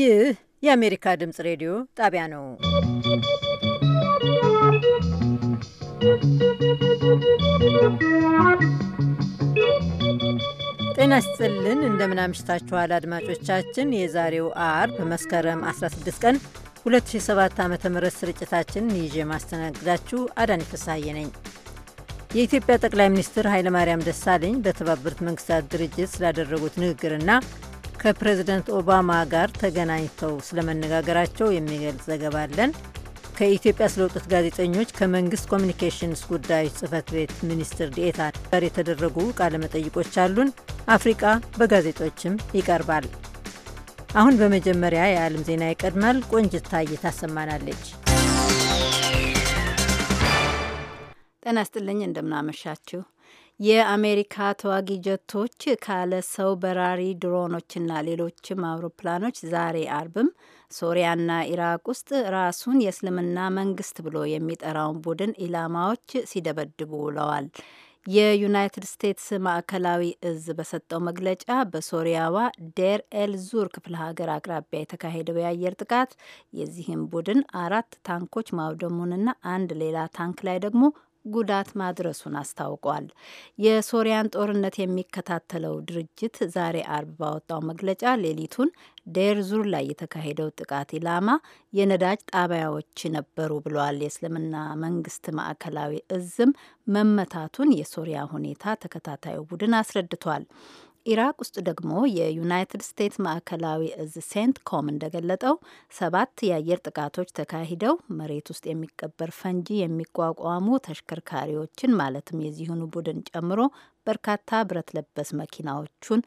ይህ የአሜሪካ ድምፅ ሬዲዮ ጣቢያ ነው። ጤና ይስጥልን። እንደምን አምሽታችኋል አድማጮቻችን። የዛሬው አርብ መስከረም 16 ቀን 2007 ዓ ም ስርጭታችንን ይዤ ማስተናግዳችሁ አዳኒ ፍሳሐዬ ነኝ። የኢትዮጵያ ጠቅላይ ሚኒስትር ኃይለማርያም ደሳለኝ በተባበሩት መንግስታት ድርጅት ስላደረጉት ንግግርና ከፕሬዝደንት ኦባማ ጋር ተገናኝተው ስለመነጋገራቸው የሚገልጽ ዘገባ አለን። ከኢትዮጵያ ስለወጡት ጋዜጠኞች ከመንግስት ኮሚኒኬሽንስ ጉዳዮች ጽህፈት ቤት ሚኒስትር ዴኤታ ጋር የተደረጉ ቃለመጠይቆች አሉን። አፍሪቃ በጋዜጦችም ይቀርባል። አሁን በመጀመሪያ የዓለም ዜና ይቀድማል። ቆንጅታ እየታሰማናለች። ታሰማናለች። ጤና ይስጥልኝ እንደምናመሻችሁ። የአሜሪካ ተዋጊ ጀቶች ካለ ሰው በራሪ ድሮኖችና ሌሎችም አውሮፕላኖች ዛሬ አርብም ሶሪያና ኢራቅ ውስጥ ራሱን የእስልምና መንግስት ብሎ የሚጠራውን ቡድን ኢላማዎች ሲደበድቡ ውለዋል። የዩናይትድ ስቴትስ ማዕከላዊ እዝ በሰጠው መግለጫ በሶሪያዋ ዴር ኤል ዙር ክፍለ ሀገር አቅራቢያ የተካሄደው የአየር ጥቃት የዚህም ቡድን አራት ታንኮች ማውደሙንና አንድ ሌላ ታንክ ላይ ደግሞ ጉዳት ማድረሱን አስታውቋል። የሶሪያን ጦርነት የሚከታተለው ድርጅት ዛሬ አርብ ባወጣው መግለጫ ሌሊቱን ዴር ዙር ላይ የተካሄደው ጥቃት ኢላማ የነዳጅ ጣቢያዎች ነበሩ ብሏል። የእስልምና መንግስት ማዕከላዊ እዝም መመታቱን የሶሪያ ሁኔታ ተከታታዩ ቡድን አስረድቷል። ኢራቅ ውስጥ ደግሞ የዩናይትድ ስቴትስ ማዕከላዊ እዝ ሴንት ኮም እንደገለጠው ሰባት የአየር ጥቃቶች ተካሂደው መሬት ውስጥ የሚቀበር ፈንጂ የሚቋቋሙ ተሽከርካሪዎችን ማለትም የዚሁኑ ቡድን ጨምሮ በርካታ ብረት ለበስ መኪናዎቹን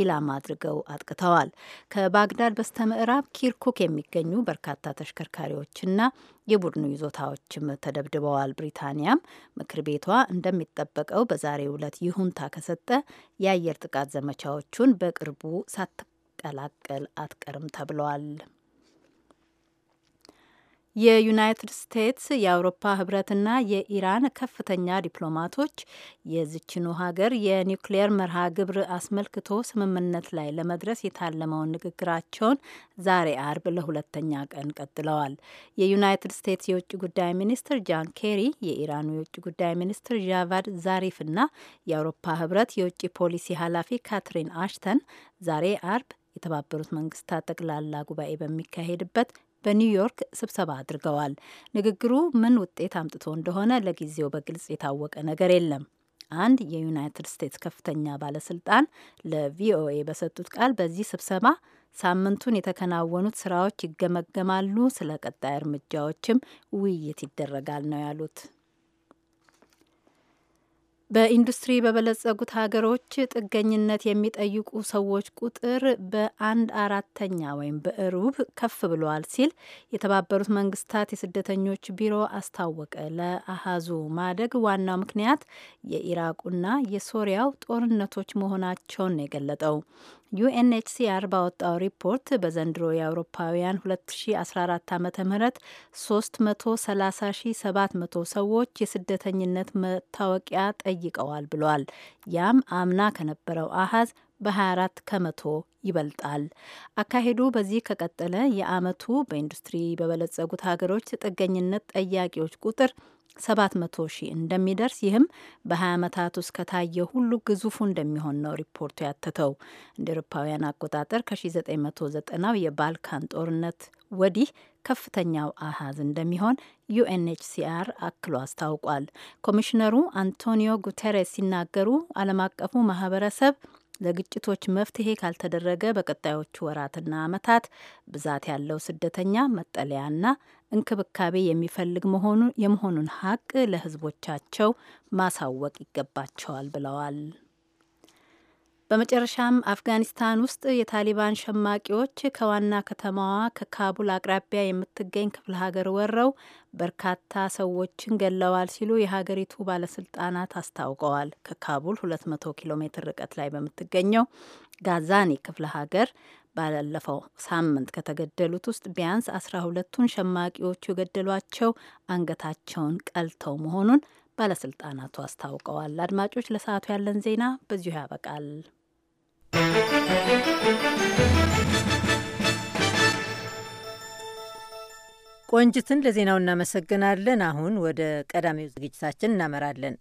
ኢላማ አድርገው አጥቅተዋል። ከባግዳድ በስተምዕራብ ኪርኩክ የሚገኙ በርካታ ተሽከርካሪዎችና የቡድኑ ይዞታዎችም ተደብድበዋል። ብሪታንያም ምክር ቤቷ እንደሚጠበቀው በዛሬው ዕለት ይሁንታ ከሰጠ የአየር ጥቃት ዘመቻዎቹን በቅርቡ ሳትቀላቀል አትቀርም ተብለዋል። የዩናይትድ ስቴትስ የአውሮፓ ህብረትና የኢራን ከፍተኛ ዲፕሎማቶች የዝችኑ ሀገር የኒውክሌየር መርሃ ግብር አስመልክቶ ስምምነት ላይ ለመድረስ የታለመውን ንግግራቸውን ዛሬ አርብ ለሁለተኛ ቀን ቀጥለዋል። የዩናይትድ ስቴትስ የውጭ ጉዳይ ሚኒስትር ጃን ኬሪ የኢራኑ የውጭ ጉዳይ ሚኒስትር ዣቫድ ዛሪፍና የአውሮፓ ህብረት የውጭ ፖሊሲ ኃላፊ ካትሪን አሽተን ዛሬ አርብ የተባበሩት መንግስታት ጠቅላላ ጉባኤ በሚካሄድበት በኒውዮርክ ስብሰባ አድርገዋል። ንግግሩ ምን ውጤት አምጥቶ እንደሆነ ለጊዜው በግልጽ የታወቀ ነገር የለም። አንድ የዩናይትድ ስቴትስ ከፍተኛ ባለስልጣን ለቪኦኤ በሰጡት ቃል በዚህ ስብሰባ ሳምንቱን የተከናወኑት ስራዎች ይገመገማሉ፣ ስለ ቀጣይ እርምጃዎችም ውይይት ይደረጋል ነው ያሉት። በኢንዱስትሪ በበለጸጉት ሀገሮች ጥገኝነት የሚጠይቁ ሰዎች ቁጥር በአንድ አራተኛ ወይም በእሩብ ከፍ ብለዋል ሲል የተባበሩት መንግስታት የስደተኞች ቢሮ አስታወቀ። ለአሃዙ ማደግ ዋናው ምክንያት የኢራቁና የሶሪያው ጦርነቶች መሆናቸውን የገለጠው ዩኤንኤችሲአር ባወጣው ሪፖርት በዘንድሮ የአውሮፓውያን 2014 ዓ ም 330700 ሰዎች የስደተኝነት መታወቂያ ጠይቀዋል ብሏል። ያም አምና ከነበረው አሀዝ በ24 ከመቶ ይበልጣል። አካሄዱ በዚህ ከቀጠለ የአመቱ በኢንዱስትሪ በበለጸጉት ሀገሮች ጥገኝነት ጠያቂዎች ቁጥር 700 ሺህ እንደሚደርስ ይህም በ20 ዓመታት ውስጥ ከታየ ሁሉ ግዙፉ እንደሚሆን ነው ሪፖርቱ ያተተው። እንደ ኤሮፓውያን አቆጣጠር ከ1990ው የባልካን ጦርነት ወዲህ ከፍተኛው አሃዝ እንደሚሆን ዩኤንኤችሲአር አክሎ አስታውቋል። ኮሚሽነሩ አንቶኒዮ ጉተሬስ ሲናገሩ ዓለም አቀፉ ማህበረሰብ ለግጭቶች መፍትሄ ካልተደረገ በቀጣዮቹ ወራትና ዓመታት ብዛት ያለው ስደተኛ መጠለያና እንክብካቤ የሚፈልግ መሆኑ የመሆኑን ሀቅ ለህዝቦቻቸው ማሳወቅ ይገባቸዋል ብለዋል። በመጨረሻም አፍጋኒስታን ውስጥ የታሊባን ሸማቂዎች ከዋና ከተማዋ ከካቡል አቅራቢያ የምትገኝ ክፍለ ሀገር ወረው በርካታ ሰዎችን ገለዋል ሲሉ የሀገሪቱ ባለስልጣናት አስታውቀዋል። ከካቡል 200 ኪሎ ሜትር ርቀት ላይ በምትገኘው ጋዛኒ ክፍለ ሀገር ባለፈው ሳምንት ከተገደሉት ውስጥ ቢያንስ አስራ ሁለቱን ሸማቂዎቹ የገደሏቸው አንገታቸውን ቀልተው መሆኑን ባለስልጣናቱ አስታውቀዋል። አድማጮች፣ ለሰዓቱ ያለን ዜና በዚሁ ያበቃል። ቆንጅትን ለዜናው እናመሰግናለን። አሁን ወደ ቀዳሚው ዝግጅታችን እናመራለን።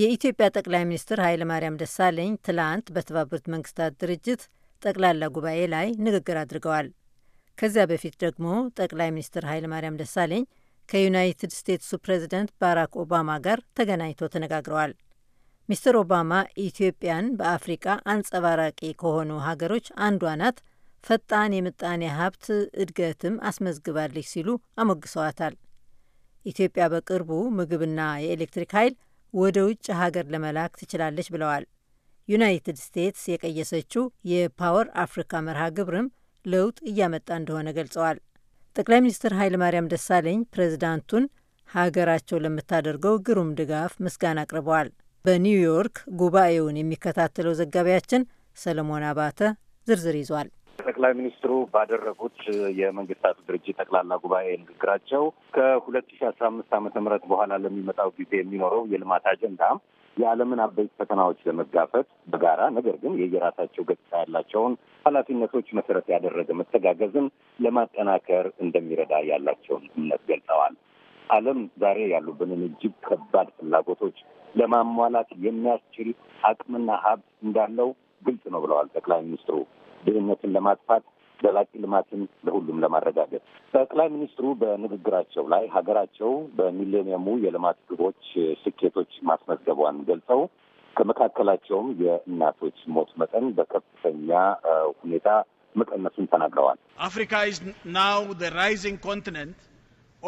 የኢትዮጵያ ጠቅላይ ሚኒስትር ኃይለ ማርያም ደሳለኝ ትላንት በተባበሩት መንግስታት ድርጅት ጠቅላላ ጉባኤ ላይ ንግግር አድርገዋል። ከዚያ በፊት ደግሞ ጠቅላይ ሚኒስትር ኃይለ ማርያም ደሳለኝ ከዩናይትድ ስቴትሱ ፕሬዚደንት ባራክ ኦባማ ጋር ተገናኝቶ ተነጋግረዋል። ሚስተር ኦባማ ኢትዮጵያን በአፍሪቃ አንጸባራቂ ከሆኑ ሀገሮች አንዷ ናት፣ ፈጣን የምጣኔ ሀብት እድገትም አስመዝግባለች ሲሉ አሞግሰዋታል። ኢትዮጵያ በቅርቡ ምግብና የኤሌክትሪክ ኃይል ወደ ውጭ ሀገር ለመላክ ትችላለች ብለዋል። ዩናይትድ ስቴትስ የቀየሰችው የፓወር አፍሪካ መርሃ ግብርም ለውጥ እያመጣ እንደሆነ ገልጸዋል። ጠቅላይ ሚኒስትር ኃይለ ማርያም ደሳለኝ ፕሬዚዳንቱን ሀገራቸው ለምታደርገው ግሩም ድጋፍ ምስጋና አቅርበዋል። በኒውዮርክ ጉባኤውን የሚከታተለው ዘጋቢያችን ሰለሞን አባተ ዝርዝር ይዟል። ጠቅላይ ሚኒስትሩ ባደረጉት የመንግስታቱ ድርጅት ጠቅላላ ጉባኤ ንግግራቸው ከሁለት ሺ አስራ አምስት ዓመተ ምህረት በኋላ ለሚመጣው ጊዜ የሚኖረው የልማት አጀንዳ የዓለምን አበይት ፈተናዎች ለመጋፈጥ በጋራ ነገር ግን የየራሳቸው ገጽታ ያላቸውን ኃላፊነቶች መሰረት ያደረገ መተጋገዝን ለማጠናከር እንደሚረዳ ያላቸውን እምነት ገልጸዋል። ዓለም ዛሬ ያሉብንን እጅግ ከባድ ፍላጎቶች ለማሟላት የሚያስችል አቅምና ሀብት እንዳለው ግልጽ ነው ብለዋል ጠቅላይ ሚኒስትሩ። ድህነትን ለማጥፋት ዘላቂ ልማትን ለሁሉም ለማረጋገጥ ጠቅላይ ሚኒስትሩ በንግግራቸው ላይ ሀገራቸው በሚሌኒየሙ የልማት ግቦች ስኬቶች ማስመዝገቧን ገልጸው ከመካከላቸውም የእናቶች ሞት መጠን በከፍተኛ ሁኔታ መቀነሱን ተናግረዋል። አፍሪካ ኢዝ ናው ዘ ራይዚንግ ኮንቲነንት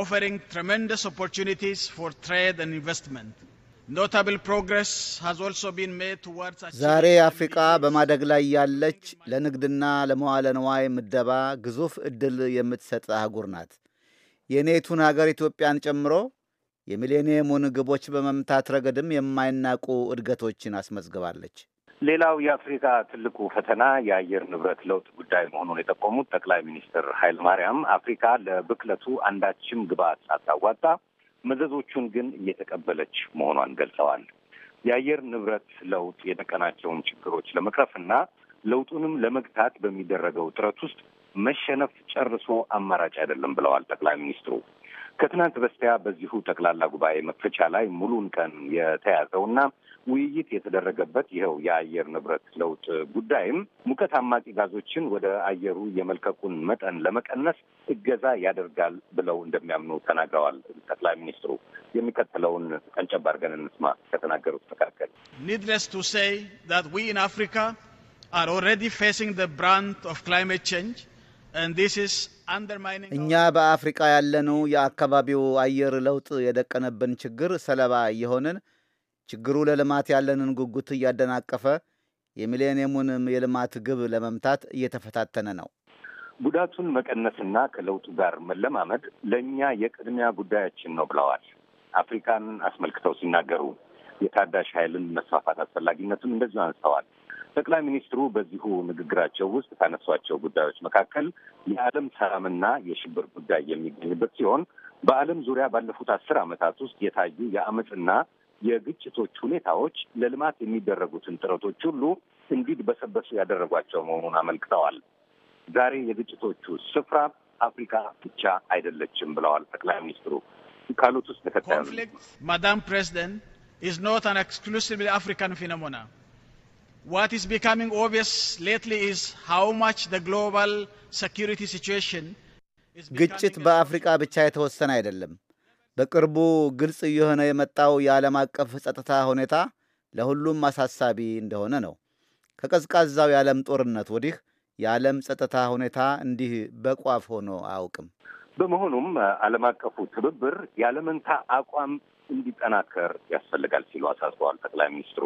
ኦፈሪንግ ትሬመንደስ ኦፖርቹኒቲስ ፎር ትሬድ ኢንቨስትመንት ዛሬ አፍሪቃ በማደግ ላይ ያለች ለንግድና ለመዋለ ንዋይ ምደባ ግዙፍ ዕድል የምትሰጥ አህጉር ናት። የኔቱን አገር ኢትዮጵያን ጨምሮ የሚሌኒየሙን ግቦች በመምታት ረገድም የማይናቁ እድገቶችን አስመዝግባለች። ሌላው የአፍሪካ ትልቁ ፈተና የአየር ንብረት ለውጥ ጉዳይ መሆኑን የጠቆሙት ጠቅላይ ሚኒስትር ኃይለማርያም አፍሪካ ለብክለቱ አንዳችም ግብዓት ሳታዋጣ መዘዞቹን ግን እየተቀበለች መሆኗን ገልጸዋል። የአየር ንብረት ለውጥ የደቀናቸውን ችግሮች ለመቅረፍና ለውጡንም ለመግታት በሚደረገው ጥረት ውስጥ መሸነፍ ጨርሶ አማራጭ አይደለም ብለዋል ጠቅላይ ሚኒስትሩ። ከትናንት በስቲያ በዚሁ ጠቅላላ ጉባኤ መክፈቻ ላይ ሙሉን ቀን የተያዘውና ውይይት የተደረገበት ይኸው የአየር ንብረት ለውጥ ጉዳይም ሙቀት አማቂ ጋዞችን ወደ አየሩ የመልቀቁን መጠን ለመቀነስ እገዛ ያደርጋል ብለው እንደሚያምኑ ተናግረዋል። ጠቅላይ ሚኒስትሩ የሚከተለውን ቀንጨብ አድርገን እንስማ። ከተናገሩት መካከል ኒድለስ ቱ ሴይ ዛት ዊ ኢን አፍሪካ አር ኦልሬዲ ፌሲንግ ዘ ብራንት ኦፍ ክላይሜት ቼንጅ እኛ በአፍሪቃ ያለነው የአካባቢው አየር ለውጥ የደቀነብን ችግር ሰለባ እየሆንን ችግሩ ለልማት ያለንን ጉጉት እያደናቀፈ የሚሌኒየሙንም የልማት ግብ ለመምታት እየተፈታተነ ነው። ጉዳቱን መቀነስና ከለውጡ ጋር መለማመድ ለእኛ የቅድሚያ ጉዳያችን ነው ብለዋል። አፍሪካን አስመልክተው ሲናገሩ የታዳሽ ኃይልን መስፋፋት አስፈላጊነቱን እንደዚሁ አንስተዋል። ጠቅላይ ሚኒስትሩ በዚሁ ንግግራቸው ውስጥ ካነሷቸው ጉዳዮች መካከል የዓለም ሰላምና የሽብር ጉዳይ የሚገኝበት ሲሆን በዓለም ዙሪያ ባለፉት አስር ዓመታት ውስጥ የታዩ የአመፅና የግጭቶች ሁኔታዎች ለልማት የሚደረጉትን ጥረቶች ሁሉ እንዲድበሰበሱ ያደረጓቸው መሆኑን አመልክተዋል። ዛሬ የግጭቶቹ ስፍራ አፍሪካ ብቻ አይደለችም ብለዋል ጠቅላይ ሚኒስትሩ ካሉት ውስጥ ተከታዩ ማዳም ፕሬዚደንት is not an exclusively African phenomena. What is becoming obvious lately is how much the global security situation ግጭት በአፍሪቃ ብቻ የተወሰነ አይደለም። በቅርቡ ግልጽ እየሆነ የመጣው የዓለም አቀፍ ጸጥታ ሁኔታ ለሁሉም አሳሳቢ እንደሆነ ነው። ከቀዝቃዛው የዓለም ጦርነት ወዲህ የዓለም ጸጥታ ሁኔታ እንዲህ በቋፍ ሆኖ አያውቅም። በመሆኑም ዓለም አቀፉ ትብብር ያለመንታ አቋም እንዲጠናከር ያስፈልጋል ሲሉ አሳስበዋል ጠቅላይ ሚኒስትሩ።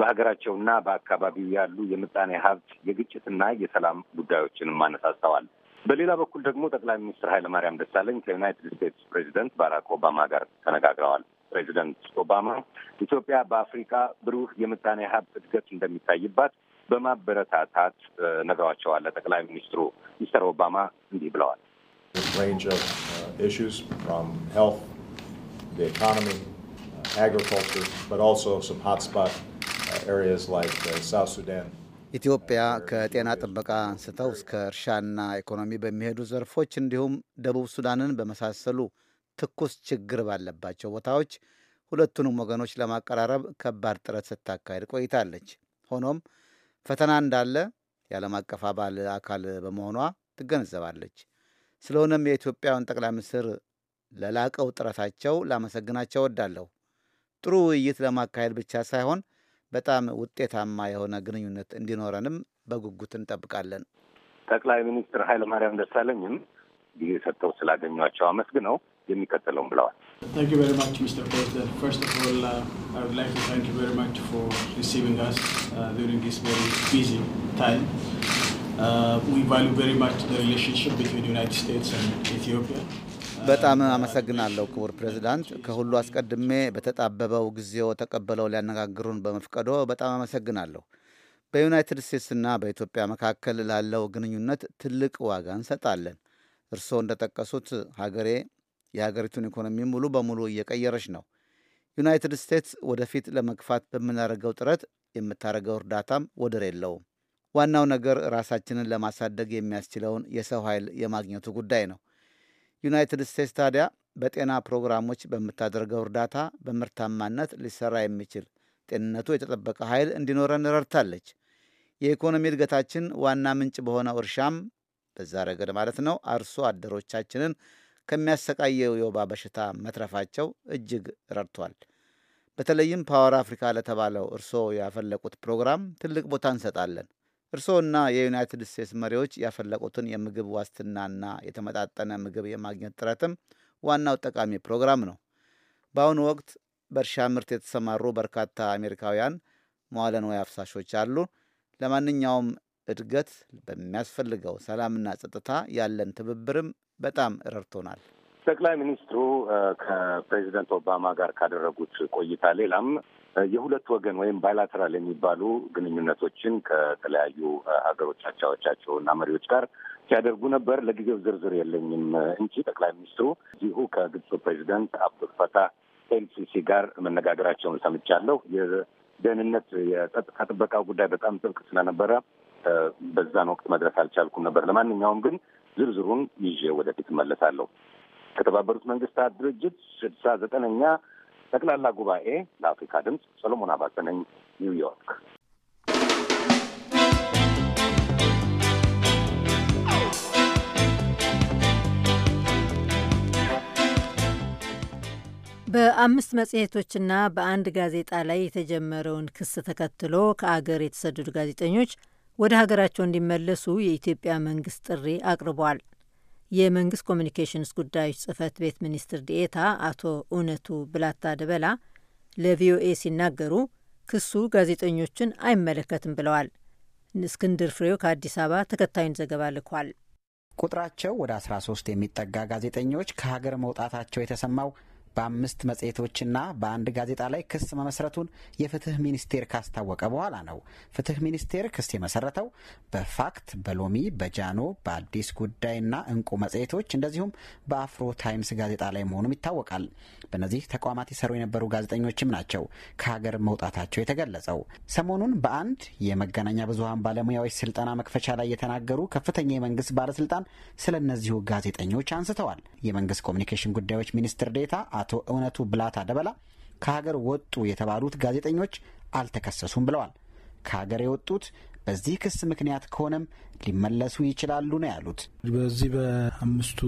በሀገራቸውና በአካባቢው ያሉ የምጣኔ ሀብት የግጭትና የሰላም ጉዳዮችንም አነሳስተዋል። በሌላ በኩል ደግሞ ጠቅላይ ሚኒስትር ኃይለማርያም ደሳለኝ ከዩናይትድ ስቴትስ ፕሬዚደንት ባራክ ኦባማ ጋር ተነጋግረዋል። ፕሬዚደንት ኦባማ ኢትዮጵያ በአፍሪካ ብሩህ የምጣኔ ሀብት እድገት እንደሚታይባት በማበረታታት ነግረዋቸዋል። ጠቅላይ ሚኒስትሩ ሚስተር ኦባማ እንዲህ ብለዋል። ኢኮኖሚ ኢትዮጵያ ከጤና ጥበቃ አንስተው እስከ እርሻና ኢኮኖሚ በሚሄዱ ዘርፎች እንዲሁም ደቡብ ሱዳንን በመሳሰሉ ትኩስ ችግር ባለባቸው ቦታዎች ሁለቱንም ወገኖች ለማቀራረብ ከባድ ጥረት ስታካሄድ ቆይታለች። ሆኖም ፈተና እንዳለ የዓለም አቀፍ አባል አካል በመሆኗ ትገነዘባለች። ስለሆነም የኢትዮጵያን ጠቅላይ ሚኒስትር ለላቀው ጥረታቸው ላመሰግናቸው እወዳለሁ። ጥሩ ውይይት ለማካሄድ ብቻ ሳይሆን በጣም ውጤታማ የሆነ ግንኙነት እንዲኖረንም በጉጉት እንጠብቃለን። ጠቅላይ ሚኒስትር ኃይለማርያም ደሳለኝም ጊዜ ሰጥተው ስላገኟቸው አመስግነው የሚከተለውም ብለዋል። ሪሌሽንሽፕ ቢትዊን ዩናይትድ በጣም አመሰግናለሁ ክቡር ፕሬዚዳንት። ከሁሉ አስቀድሜ በተጣበበው ጊዜው ተቀበለው ሊያነጋግሩን በመፍቀዶ በጣም አመሰግናለሁ። በዩናይትድ ስቴትስና በኢትዮጵያ መካከል ላለው ግንኙነት ትልቅ ዋጋ እንሰጣለን። እርስዎ እንደጠቀሱት ሀገሬ የሀገሪቱን ኢኮኖሚ ሙሉ በሙሉ እየቀየረች ነው። ዩናይትድ ስቴትስ ወደፊት ለመግፋት በምናደርገው ጥረት የምታደርገው እርዳታም ወደር የለውም። ዋናው ነገር ራሳችንን ለማሳደግ የሚያስችለውን የሰው ኃይል የማግኘቱ ጉዳይ ነው። ዩናይትድ ስቴትስ ታዲያ በጤና ፕሮግራሞች በምታደርገው እርዳታ በምርታማነት ሊሰራ የሚችል ጤንነቱ የተጠበቀ ኃይል እንዲኖረን ረድታለች። የኢኮኖሚ እድገታችን ዋና ምንጭ በሆነው እርሻም በዛ ረገድ ማለት ነው አርሶ አደሮቻችንን ከሚያሰቃየው የወባ በሽታ መትረፋቸው እጅግ ረድቷል። በተለይም ፓወር አፍሪካ ለተባለው እርስዎ ያፈለቁት ፕሮግራም ትልቅ ቦታ እንሰጣለን። እርስዎና የዩናይትድ ስቴትስ መሪዎች ያፈለቁትን የምግብ ዋስትናና የተመጣጠነ ምግብ የማግኘት ጥረትም ዋናው ጠቃሚ ፕሮግራም ነው። በአሁኑ ወቅት በእርሻ ምርት የተሰማሩ በርካታ አሜሪካውያን መዋለ ንዋይ አፍሳሾች አሉ። ለማንኛውም እድገት በሚያስፈልገው ሰላምና ጸጥታ ያለን ትብብርም በጣም ረድቶናል። ጠቅላይ ሚኒስትሩ ከፕሬዚደንት ኦባማ ጋር ካደረጉት ቆይታ ሌላም የሁለት ወገን ወይም ባይላተራል የሚባሉ ግንኙነቶችን ከተለያዩ ሀገሮች እና መሪዎች ጋር ሲያደርጉ ነበር። ለጊዜው ዝርዝር የለኝም እንጂ ጠቅላይ ሚኒስትሩ እዚሁ ከግብፁ ፕሬዚደንት አብዱል ኤልሲሲ ጋር መነጋገራቸውን ሰምቻለሁ። የደህንነት የጸጥታ ጥበቃ ጉዳይ በጣም ጥብቅ ስለነበረ በዛን ወቅት መድረስ አልቻልኩም ነበር። ለማንኛውም ግን ዝርዝሩን ይዤ ወደፊት እመለሳለሁ። ከተባበሩት መንግስታት ድርጅት ስድሳ ዘጠነኛ ጠቅላላ ጉባኤ ለአፍሪካ ድምፅ ሰሎሞን አባተ ነኝ፣ ኒውዮርክ። በአምስት መጽሔቶችና በአንድ ጋዜጣ ላይ የተጀመረውን ክስ ተከትሎ ከአገር የተሰደዱ ጋዜጠኞች ወደ ሀገራቸው እንዲመለሱ የኢትዮጵያ መንግስት ጥሪ አቅርቧል። የመንግስት ኮሚኒኬሽንስ ጉዳዮች ጽህፈት ቤት ሚኒስትር ዲኤታ አቶ እውነቱ ብላታ ደበላ ለቪኦኤ ሲናገሩ ክሱ ጋዜጠኞችን አይመለከትም ብለዋል። እስክንድር ፍሬው ከአዲስ አበባ ተከታዩን ዘገባ ልኳል። ቁጥራቸው ወደ 13 የሚጠጋ ጋዜጠኞች ከሀገር መውጣታቸው የተሰማው በአምስት መጽሔቶችና በአንድ ጋዜጣ ላይ ክስ መመስረቱን የፍትህ ሚኒስቴር ካስታወቀ በኋላ ነው። ፍትህ ሚኒስቴር ክስ የመሰረተው በፋክት፣ በሎሚ፣ በጃኖ፣ በአዲስ ጉዳይና እንቁ መጽሔቶች እንደዚሁም በአፍሮ ታይምስ ጋዜጣ ላይ መሆኑም ይታወቃል። በእነዚህ ተቋማት የሰሩ የነበሩ ጋዜጠኞችም ናቸው ከሀገር መውጣታቸው የተገለጸው። ሰሞኑን በአንድ የመገናኛ ብዙሀን ባለሙያዎች ስልጠና መክፈቻ ላይ የተናገሩ ከፍተኛ የመንግስት ባለስልጣን ስለ እነዚሁ ጋዜጠኞች አንስተዋል። የመንግስት ኮሚኒኬሽን ጉዳዮች ሚኒስትር ዴታ አቶ እውነቱ ብላታ ደበላ ከሀገር ወጡ የተባሉት ጋዜጠኞች አልተከሰሱም ብለዋል። ከሀገር የወጡት በዚህ ክስ ምክንያት ከሆነም ሊመለሱ ይችላሉ ነው ያሉት። በዚህ በአምስቱ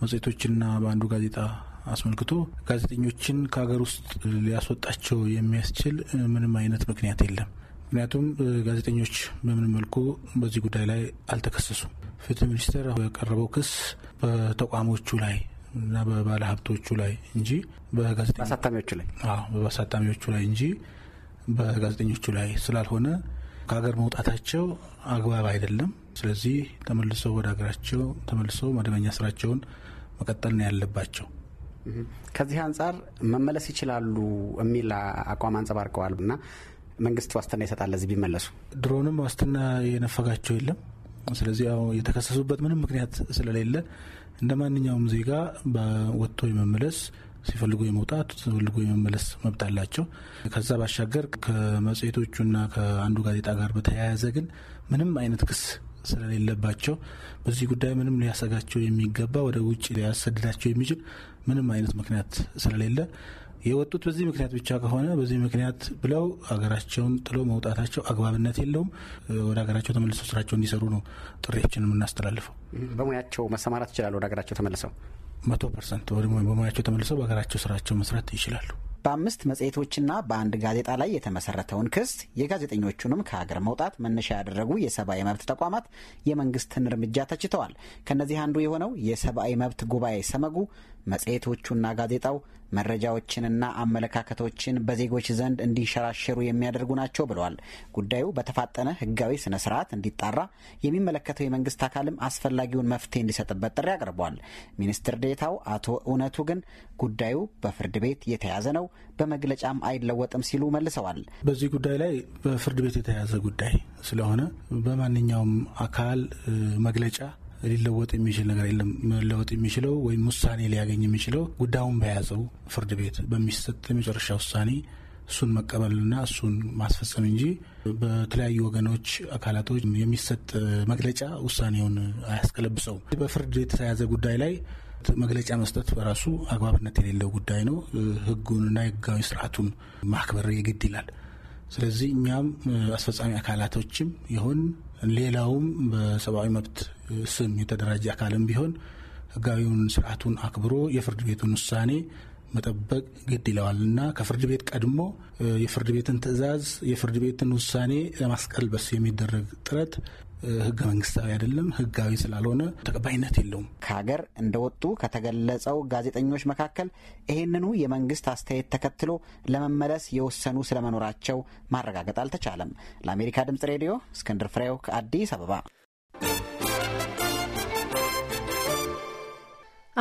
መጽሔቶችና በአንዱ ጋዜጣ አስመልክቶ ጋዜጠኞችን ከሀገር ውስጥ ሊያስወጣቸው የሚያስችል ምንም አይነት ምክንያት የለም። ምክንያቱም ጋዜጠኞች በምን መልኩ በዚህ ጉዳይ ላይ አልተከሰሱም። ፍትህ ሚኒስቴር ያቀረበው ክስ በተቋሞቹ ላይ እና በባለ ሀብቶቹ ላይ እንጂ በጋዜጠኞቹ ላይ በአሳታሚዎቹ ላይ እንጂ በጋዜጠኞቹ ላይ ስላልሆነ ከሀገር መውጣታቸው አግባብ አይደለም። ስለዚህ ተመልሰው ወደ ሀገራቸው ተመልሰው መደበኛ ስራቸውን መቀጠል ነው ያለባቸው። ከዚህ አንጻር መመለስ ይችላሉ የሚል አቋም አንጸባርቀዋል እና መንግስት ዋስትና ይሰጣል ለዚህ ቢመለሱ። ድሮንም ዋስትና የነፈጋቸው የለም። ስለዚህ ያው የተከሰሱበት ምንም ምክንያት ስለሌለ እንደ ማንኛውም ዜጋ በወጥቶ የመመለስ ሲፈልጉ የመውጣት ሲፈልጉ የመመለስ መብት አላቸው። ከዛ ባሻገር ከመጽሔቶቹና ከአንዱ ጋዜጣ ጋር በተያያዘ ግን ምንም አይነት ክስ ስለሌለባቸው በዚህ ጉዳይ ምንም ሊያሰጋቸው የሚገባ ወደ ውጭ ሊያሰድዳቸው የሚችል ምንም አይነት ምክንያት ስለሌለ የወጡት በዚህ ምክንያት ብቻ ከሆነ በዚህ ምክንያት ብለው ሀገራቸውን ጥሎ መውጣታቸው አግባብነት የለውም። ወደ ሀገራቸው ተመልሰው ስራቸው እንዲሰሩ ነው ጥሪያችን የምናስተላልፈው። በሙያቸው መሰማራት ይችላሉ። ወደ ሀገራቸው ተመልሰው መቶ ፐርሰንት በሙያቸው ተመልሰው በሀገራቸው ስራቸው መስራት ይችላሉ። በአምስት መጽሔቶችና በአንድ ጋዜጣ ላይ የተመሰረተውን ክስ የጋዜጠኞቹንም ከሀገር መውጣት መነሻ ያደረጉ የሰብአዊ መብት ተቋማት የመንግስትን እርምጃ ተችተዋል። ከእነዚህ አንዱ የሆነው የሰብአዊ መብት ጉባኤ ሰመጉ መጽሔቶቹና ጋዜጣው መረጃዎችንና አመለካከቶችን በዜጎች ዘንድ እንዲንሸራሸሩ የሚያደርጉ ናቸው ብለዋል። ጉዳዩ በተፋጠነ ሕጋዊ ስነ ስርዓት እንዲጣራ የሚመለከተው የመንግስት አካልም አስፈላጊውን መፍትሄ እንዲሰጥበት ጥሪ አቅርቧል። ሚኒስትር ዴታው አቶ እውነቱ ግን ጉዳዩ በፍርድ ቤት የተያዘ ነው፣ በመግለጫም አይለወጥም ሲሉ መልሰዋል። በዚህ ጉዳይ ላይ በፍርድ ቤት የተያዘ ጉዳይ ስለሆነ በማንኛውም አካል መግለጫ ሊለወጥ የሚችል ነገር የለም። መለወጥ የሚችለው ወይም ውሳኔ ሊያገኝ የሚችለው ጉዳዩን በያዘው ፍርድ ቤት በሚሰጥ የመጨረሻ ውሳኔ እሱን መቀበልና እሱን ማስፈጸም እንጂ በተለያዩ ወገኖች አካላቶች የሚሰጥ መግለጫ ውሳኔውን አያስቀለብሰው። በፍርድ የተያዘ ጉዳይ ላይ መግለጫ መስጠት በራሱ አግባብነት የሌለው ጉዳይ ነው። ሕጉንና የሕጋዊ ስርዓቱን ማክበር የግድ ይላል። ስለዚህ እኛም አስፈጻሚ አካላቶችም ይሁን ሌላውም በሰብአዊ መብት ስም የተደራጀ አካልም ቢሆን ህጋዊውን ስርዓቱን አክብሮ የፍርድ ቤቱን ውሳኔ መጠበቅ ግድ ይለዋል እና ከፍርድ ቤት ቀድሞ የፍርድ ቤትን ትዕዛዝ የፍርድ ቤትን ውሳኔ ለማስቀልበስ የሚደረግ ጥረት ህገ መንግስታዊ አይደለም፣ ህጋዊ ስላልሆነ ተቀባይነት የለውም። ከሀገር እንደወጡ ከተገለጸው ጋዜጠኞች መካከል ይህንኑ የመንግስት አስተያየት ተከትሎ ለመመለስ የወሰኑ ስለመኖራቸው ማረጋገጥ አልተቻለም። ለአሜሪካ ድምጽ ሬዲዮ እስክንድር ፍሬው ከአዲስ አበባ።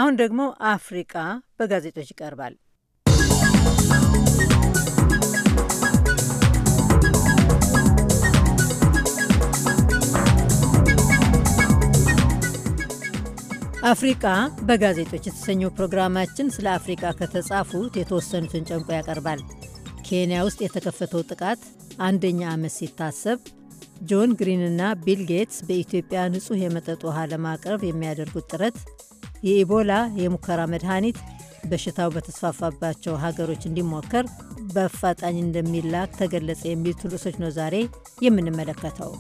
አሁን ደግሞ አፍሪቃ በጋዜጦች ይቀርባል። አፍሪቃ በጋዜጦች የተሰኘው ፕሮግራማችን ስለ አፍሪቃ ከተጻፉት የተወሰኑትን ጨምቆ ያቀርባል። ኬንያ ውስጥ የተከፈተው ጥቃት አንደኛ ዓመት ሲታሰብ፣ ጆን ግሪንና ቢል ጌትስ በኢትዮጵያ ንጹሕ የመጠጥ ውሃ ለማቅረብ የሚያደርጉት ጥረት፣ የኢቦላ የሙከራ መድኃኒት በሽታው በተስፋፋባቸው ሀገሮች እንዲሞከር በአፋጣኝ እንደሚላክ ተገለጸ የሚሉት ርዕሶች ነው ዛሬ የምንመለከተው።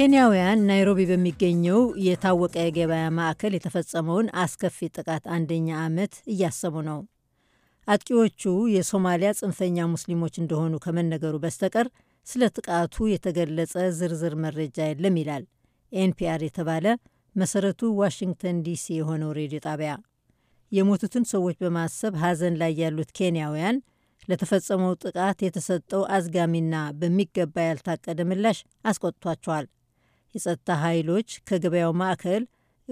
ኬንያውያን ናይሮቢ በሚገኘው የታወቀ የገበያ ማዕከል የተፈጸመውን አስከፊ ጥቃት አንደኛ ዓመት እያሰቡ ነው። አጥቂዎቹ የሶማሊያ ጽንፈኛ ሙስሊሞች እንደሆኑ ከመነገሩ በስተቀር ስለ ጥቃቱ የተገለጸ ዝርዝር መረጃ የለም ይላል ኤንፒአር የተባለ መሰረቱ ዋሽንግተን ዲሲ የሆነው ሬዲዮ ጣቢያ። የሞቱትን ሰዎች በማሰብ ሐዘን ላይ ያሉት ኬንያውያን ለተፈጸመው ጥቃት የተሰጠው አዝጋሚና በሚገባ ያልታቀደ ምላሽ አስቆጥቷቸዋል። የጸጥታ ኃይሎች ከገበያው ማዕከል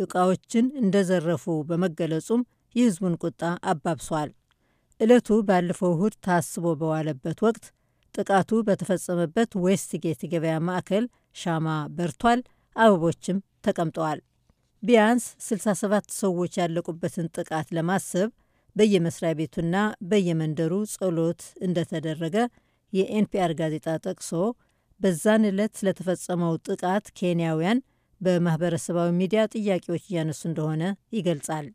ዕቃዎችን እንደዘረፉ በመገለጹም የሕዝቡን ቁጣ አባብሷል። ዕለቱ ባለፈው እሁድ ታስቦ በዋለበት ወቅት ጥቃቱ በተፈጸመበት ዌስትጌት ገበያ ማዕከል ሻማ በርቷል፣ አበቦችም ተቀምጠዋል። ቢያንስ 67 ሰዎች ያለቁበትን ጥቃት ለማሰብ በየመስሪያ ቤቱና በየመንደሩ ጸሎት እንደተደረገ የኤንፒአር ጋዜጣ ጠቅሶ በዛን ዕለት ስለተፈጸመው ጥቃት ኬንያውያን በማህበረሰባዊ ሚዲያ ጥያቄዎች እያነሱ እንደሆነ ይገልጻል።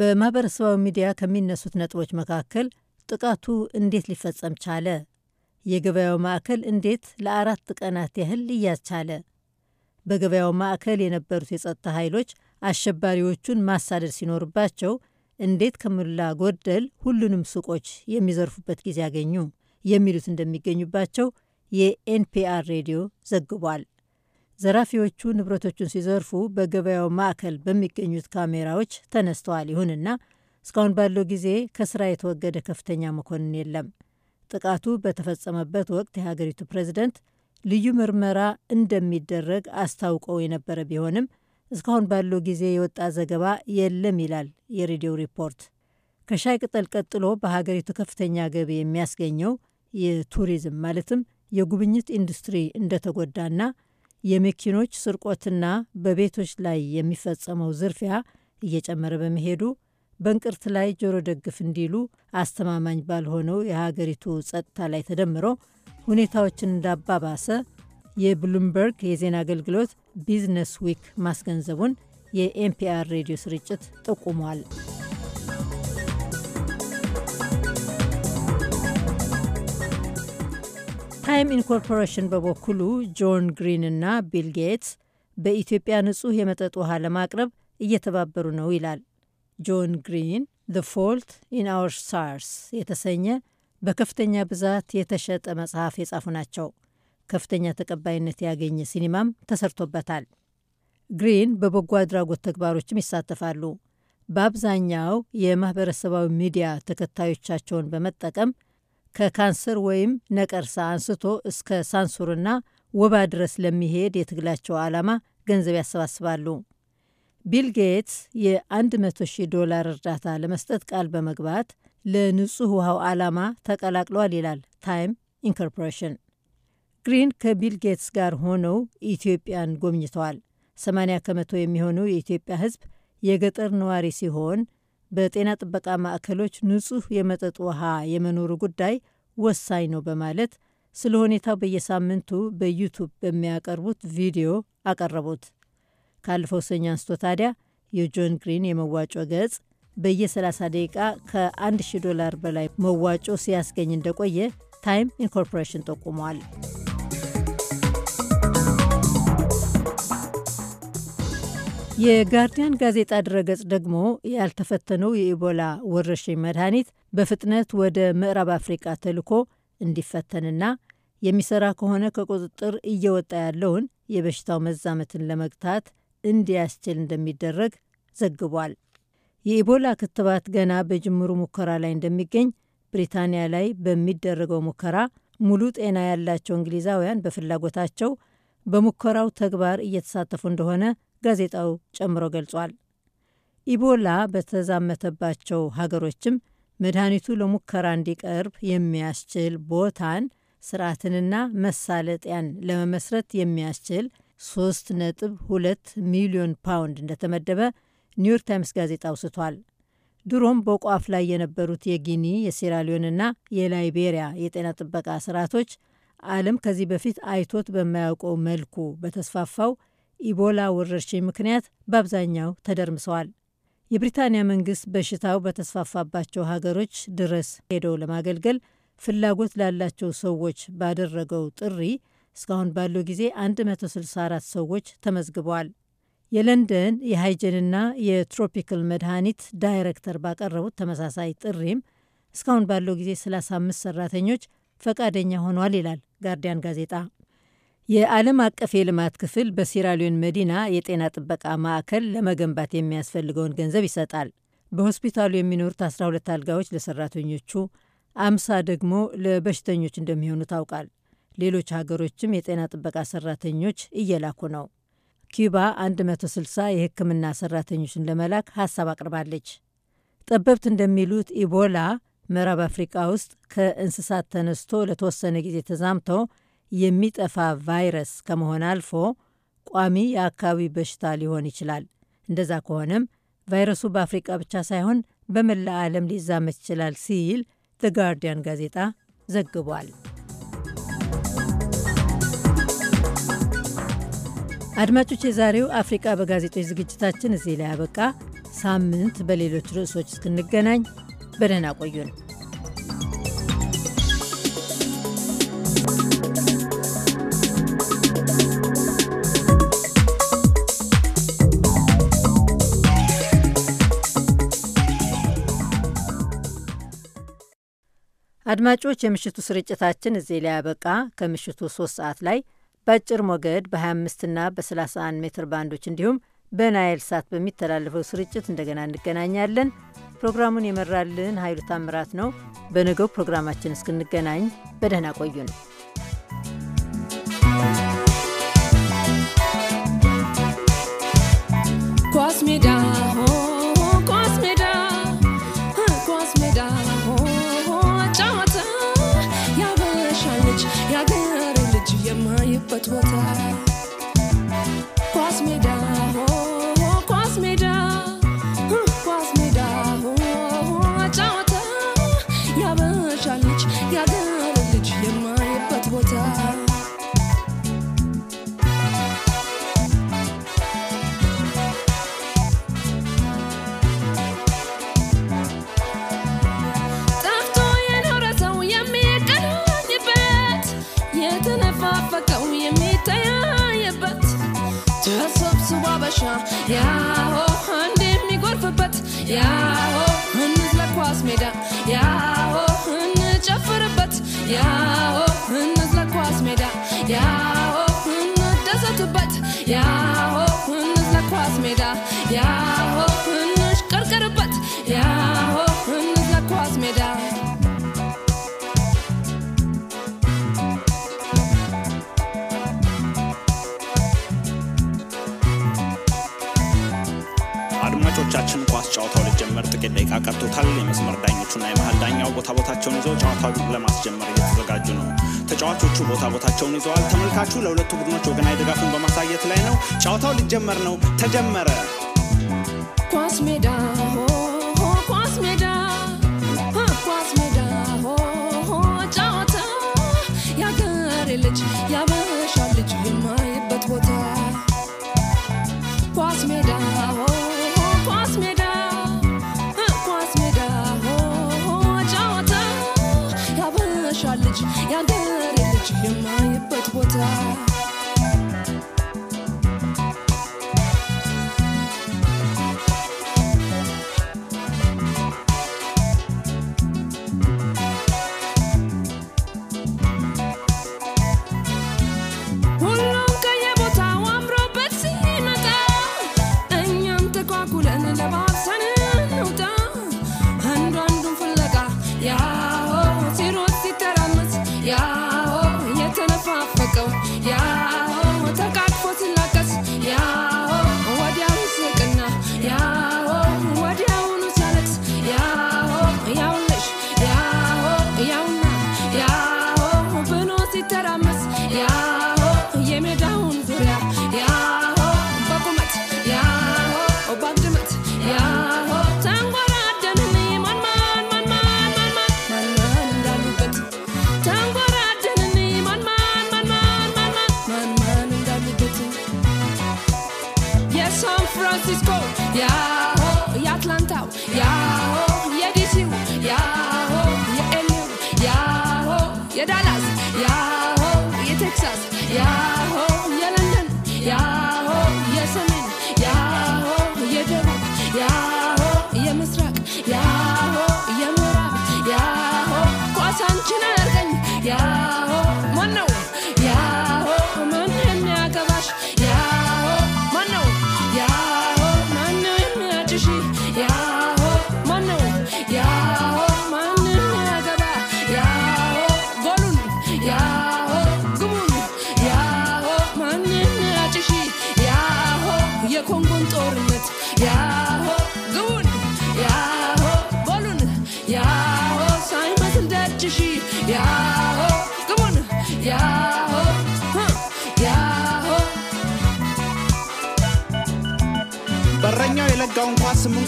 በማህበረሰባዊ ሚዲያ ከሚነሱት ነጥቦች መካከል ጥቃቱ እንዴት ሊፈጸም ቻለ? የገበያው ማዕከል እንዴት ለአራት ቀናት ያህል ሊያዝ ቻለ? በገበያው ማዕከል የነበሩት የጸጥታ ኃይሎች አሸባሪዎቹን ማሳደድ ሲኖርባቸው እንዴት ከሞላ ጎደል ሁሉንም ሱቆች የሚዘርፉበት ጊዜ ያገኙ? የሚሉት እንደሚገኙባቸው የኤንፒአር ሬዲዮ ዘግቧል። ዘራፊዎቹ ንብረቶቹን ሲዘርፉ በገበያው ማዕከል በሚገኙት ካሜራዎች ተነስተዋል። ይሁንና እስካሁን ባለው ጊዜ ከስራ የተወገደ ከፍተኛ መኮንን የለም። ጥቃቱ በተፈጸመበት ወቅት የሀገሪቱ ፕሬዚደንት ልዩ ምርመራ እንደሚደረግ አስታውቀው የነበረ ቢሆንም እስካሁን ባለው ጊዜ የወጣ ዘገባ የለም ይላል የሬዲዮ ሪፖርት። ከሻይ ቅጠል ቀጥሎ በሀገሪቱ ከፍተኛ ገቢ የሚያስገኘው የቱሪዝም ማለትም የጉብኝት ኢንዱስትሪ እንደተጎዳና የመኪኖች ስርቆትና በቤቶች ላይ የሚፈጸመው ዝርፊያ እየጨመረ በመሄዱ በእንቅርት ላይ ጆሮ ደግፍ እንዲሉ አስተማማኝ ባልሆነው የሀገሪቱ ጸጥታ ላይ ተደምሮ ሁኔታዎችን እንዳባባሰ የብሉምበርግ የዜና አገልግሎት ቢዝነስ ዊክ ማስገንዘቡን የኤንፒአር ሬዲዮ ስርጭት ጠቁሟል። ታይም ኢንኮርፖሬሽን በበኩሉ ጆን ግሪን እና ቢል ጌትስ በኢትዮጵያ ንጹህ የመጠጥ ውሃ ለማቅረብ እየተባበሩ ነው ይላል። ጆን ግሪን ዘ ፎልት ኢን አውር ሳርስ የተሰኘ በከፍተኛ ብዛት የተሸጠ መጽሐፍ የጻፉ ናቸው። ከፍተኛ ተቀባይነት ያገኘ ሲኒማም ተሰርቶበታል። ግሪን በበጎ አድራጎት ተግባሮችም ይሳተፋሉ። በአብዛኛው የማህበረሰባዊ ሚዲያ ተከታዮቻቸውን በመጠቀም ከካንሰር ወይም ነቀርሳ አንስቶ እስከ ሳንሱርና ወባ ድረስ ለሚሄድ የትግላቸው ዓላማ ገንዘብ ያሰባስባሉ። ቢል ጌትስ የ100 ሺህ ዶላር እርዳታ ለመስጠት ቃል በመግባት ለንጹሕ ውሃው ዓላማ ተቀላቅሏል ይላል ታይም ኢንኮርፖሬሽን። ግሪን ከቢል ጌትስ ጋር ሆነው ኢትዮጵያን ጎብኝተዋል። 80 ከመቶ የሚሆነው የኢትዮጵያ ሕዝብ የገጠር ነዋሪ ሲሆን በጤና ጥበቃ ማዕከሎች ንጹህ የመጠጥ ውሃ የመኖሩ ጉዳይ ወሳኝ ነው በማለት ስለ ሁኔታው በየሳምንቱ በዩቱብ በሚያቀርቡት ቪዲዮ አቀረቡት። ካለፈው ሰኞ አንስቶ ታዲያ የጆን ግሪን የመዋጮ ገጽ በየ30 ደቂቃ ከ1000 ዶላር በላይ መዋጮ ሲያስገኝ እንደቆየ ታይም ኢንኮርፖሬሽን ጠቁሟል። የጋርዲያን ጋዜጣ ድረገጽ ደግሞ ያልተፈተነው የኢቦላ ወረርሽኝ መድኃኒት በፍጥነት ወደ ምዕራብ አፍሪቃ ተልኮ እንዲፈተንና የሚሰራ ከሆነ ከቁጥጥር እየወጣ ያለውን የበሽታው መዛመትን ለመግታት እንዲያስችል እንደሚደረግ ዘግቧል። የኢቦላ ክትባት ገና በጅምሩ ሙከራ ላይ እንደሚገኝ ብሪታንያ ላይ በሚደረገው ሙከራ ሙሉ ጤና ያላቸው እንግሊዛውያን በፍላጎታቸው በሙከራው ተግባር እየተሳተፉ እንደሆነ ጋዜጣው ጨምሮ ገልጿል። ኢቦላ በተዛመተባቸው ሀገሮችም መድኃኒቱ ለሙከራ እንዲቀርብ የሚያስችል ቦታን ስርዓትንና መሳለጥያን ለመመስረት የሚያስችል 3.2 ሚሊዮን ፓውንድ እንደተመደበ ኒውዮርክ ታይምስ ጋዜጣ አውስቷል። ድሮም በቋፍ ላይ የነበሩት የጊኒ የሴራሊዮንና የላይቤሪያ የጤና ጥበቃ ስርዓቶች ዓለም ከዚህ በፊት አይቶት በማያውቀው መልኩ በተስፋፋው ኢቦላ ወረርሽኝ ምክንያት በአብዛኛው ተደርምሰዋል። የብሪታንያ መንግስት በሽታው በተስፋፋባቸው ሀገሮች ድረስ ሄዶ ለማገልገል ፍላጎት ላላቸው ሰዎች ባደረገው ጥሪ እስካሁን ባለው ጊዜ 164 ሰዎች ተመዝግበዋል። የለንደን የሃይጀንና የትሮፒካል መድኃኒት ዳይሬክተር ባቀረቡት ተመሳሳይ ጥሪም እስካሁን ባለው ጊዜ 35 ሰራተኞች ፈቃደኛ ሆኗል ይላል ጋርዲያን ጋዜጣ። የዓለም አቀፍ የልማት ክፍል በሲራሊዮን መዲና የጤና ጥበቃ ማዕከል ለመገንባት የሚያስፈልገውን ገንዘብ ይሰጣል። በሆስፒታሉ የሚኖሩት 12 አልጋዎች ለሰራተኞቹ፣ አምሳ ደግሞ ለበሽተኞች እንደሚሆኑ ታውቃል። ሌሎች ሀገሮችም የጤና ጥበቃ ሰራተኞች እየላኩ ነው። ኪዩባ 160 የሕክምና ሰራተኞችን ለመላክ ሀሳብ አቅርባለች። ጠበብት እንደሚሉት ኢቦላ ምዕራብ አፍሪቃ ውስጥ ከእንስሳት ተነስቶ ለተወሰነ ጊዜ ተዛምተው የሚጠፋ ቫይረስ ከመሆን አልፎ ቋሚ የአካባቢ በሽታ ሊሆን ይችላል። እንደዛ ከሆነም ቫይረሱ በአፍሪቃ ብቻ ሳይሆን በመላ ዓለም ሊዛመት ይችላል ሲል ዘ ጋርዲያን ጋዜጣ ዘግቧል። አድማጮች፣ የዛሬው አፍሪቃ በጋዜጦች ዝግጅታችን እዚህ ላይ ያበቃ። ሳምንት በሌሎች ርዕሶች እስክንገናኝ በደህና ቆዩን። አድማጮች የምሽቱ ስርጭታችን እዚህ ላይ ያበቃ። ከምሽቱ 3 ሰዓት ላይ በአጭር ሞገድ በ25 እና በ31 ሜትር ባንዶች እንዲሁም በናይል ሳት በሚተላለፈው ስርጭት እንደገና እንገናኛለን። ፕሮግራሙን የመራልን ኃይሉ ታምራት ነው። በነገው ፕሮግራማችን እስክንገናኝ በደህና ቆዩ ነው። but what I Yeah. አስገድቶታል። የመስመር ዳኞቹና የመሀል ዳኛው ቦታ ቦታቸውን ይዘው ጨዋታ ለማስጀመር እየተዘጋጁ ነው። ተጫዋቾቹ ቦታ ቦታቸውን ይዘዋል። ተመልካቹ ለሁለቱ ቡድኖች ወገናዊ ድጋፉን በማሳየት ላይ ነው። ጨዋታው ሊጀመር ነው። ተጀመረ። ኳስ ሜዳ right.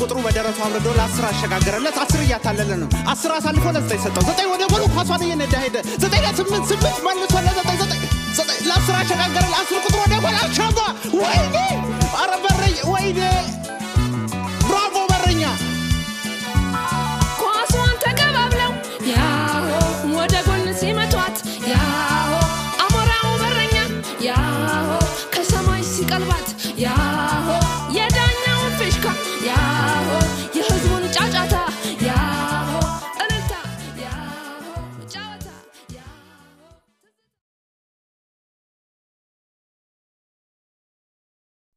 ቁጥሩ በደረቱ አብረዶ ለአስር አሸጋገረለት። አስር እያታለለ ነው። አስር አሳልፎ ለዘጠኝ ሰጠው። ዘጠኝ ወደ ጎሉ ኳሷን እየነዳ ሄደ። ዘጠኝ ለስምንት ስምንት መልሶ ለዘጠኝ ዘጠኝ ለአስር አሸጋገረ። ለአስር ቁጥሩ ወደ ጎል አሻማ። ወይኔ አረ ወይኔ